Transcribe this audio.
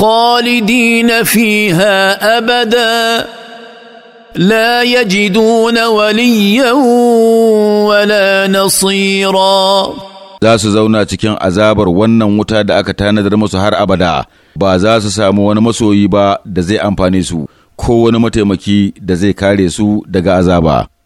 خالدين فيها ابدا لا يجدون وليا ولا نصيرا za su zauna cikin azabar wannan wuta da aka tanadar musu har abada ba za su samu wani masoyi ba da zai amfane su ko wani mataimaki da zai kare su daga azaba